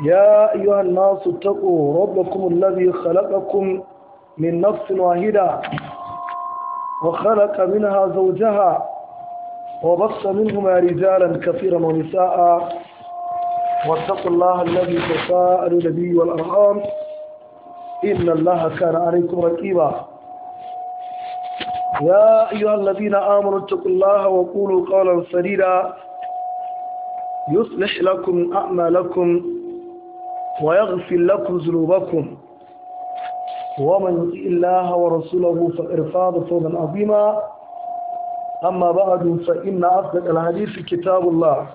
يا أيها الناس اتقوا ربكم الذي خلقكم من نفس واحدة وخلق منها زوجها وبص منهما رجالا كثيرا ونساء واتقوا الله الذي تساءل به والأرحام إن الله كان عليكم رقيبا يا أيها الذين آمنوا اتقوا الله وقولوا قولا سديدا يصلح لكم أعمالكم ويغفر لكم ذنوبكم ومن يطع الله ورسوله فارفاض فوضا عظيما أما بعد فإن افضل الحديث كتاب الله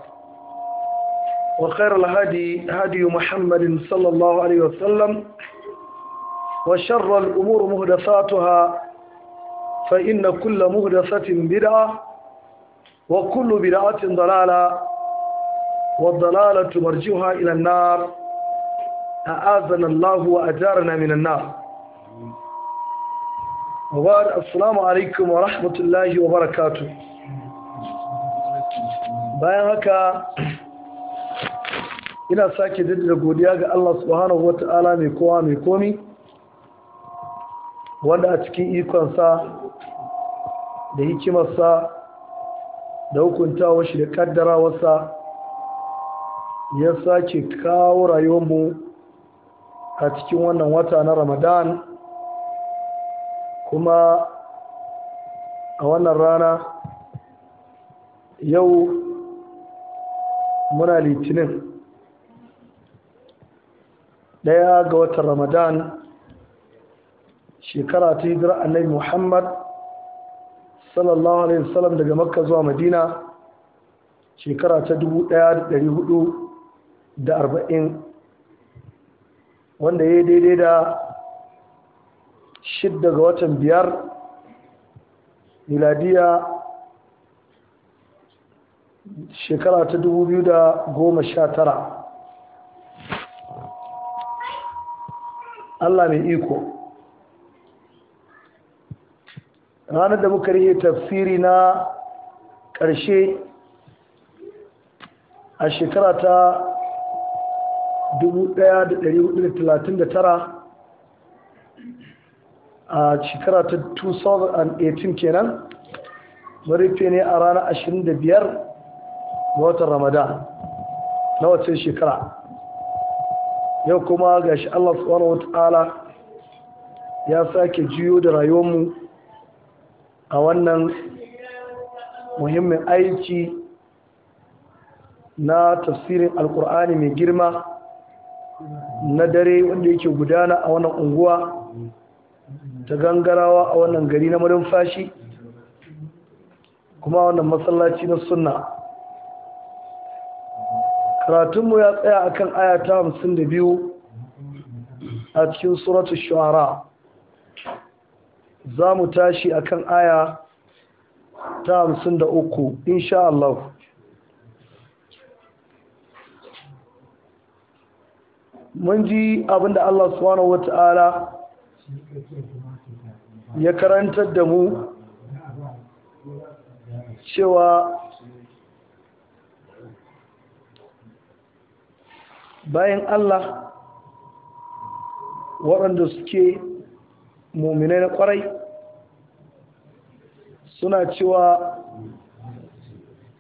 وخير الهدي هدي محمد صلى الله عليه وسلم وشر الأمور مهدساتها فإن كل مهدسه بدعة وكل بدعة ضلالة والضلالة مرجوها إلى النار أعاذنا الله وأجارنا من النار وبعد السلام عليكم ورحمة الله وبركاته bayan haka ina sake jaddada godiya ga Allah subhanahu wata'ala mai kowa mai komi wanda a cikin ikonsa da hikimarsa da hukuntawa shi da kaddarawarsa ya sake kawo rayuwarmu a cikin wannan wata na ramadan kuma a wannan rana yau muna litinin ɗaya ga watan ramadan shekara ta hijirar annabi muhammad sallallahu alaihi wasallam daga makka zuwa madina shekara ta dubu ɗaya da dari ɗari hudu arba'in. wanda ya yi daidai da shidda ga watan biyar miladiya shekara ta dubu biyu da goma sha tara Allah mai iko ranar da muka rike tafsiri na ƙarshe a shekara ta 1439 a shekara ta 2018 kenan marife ne a ranar 25 ga watan ramadan na wacce shekara yau kuma ga shi Allah subhanahu wa ya sake juyo da rayuwarmu a wannan muhimmin aiki na tafsirin alkur'ani mai girma na dare wanda yake gudana a wannan unguwa ta gangarawa a wannan gari na fashi kuma wannan masallaci na sunna karatunmu ya tsaya akan aya ta hamsin a cikin suratu shawara za mu tashi akan aya ta hamsin da insha Allah mun ji abin da Allah subhanahu wata'ala ya karantar da mu cewa bayan Allah waɗanda suke muminai na ƙwarai suna cewa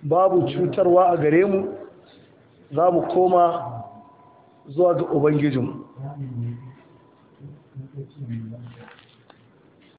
babu cutarwa a gare mu za mu koma zuwa ga Ubangijin.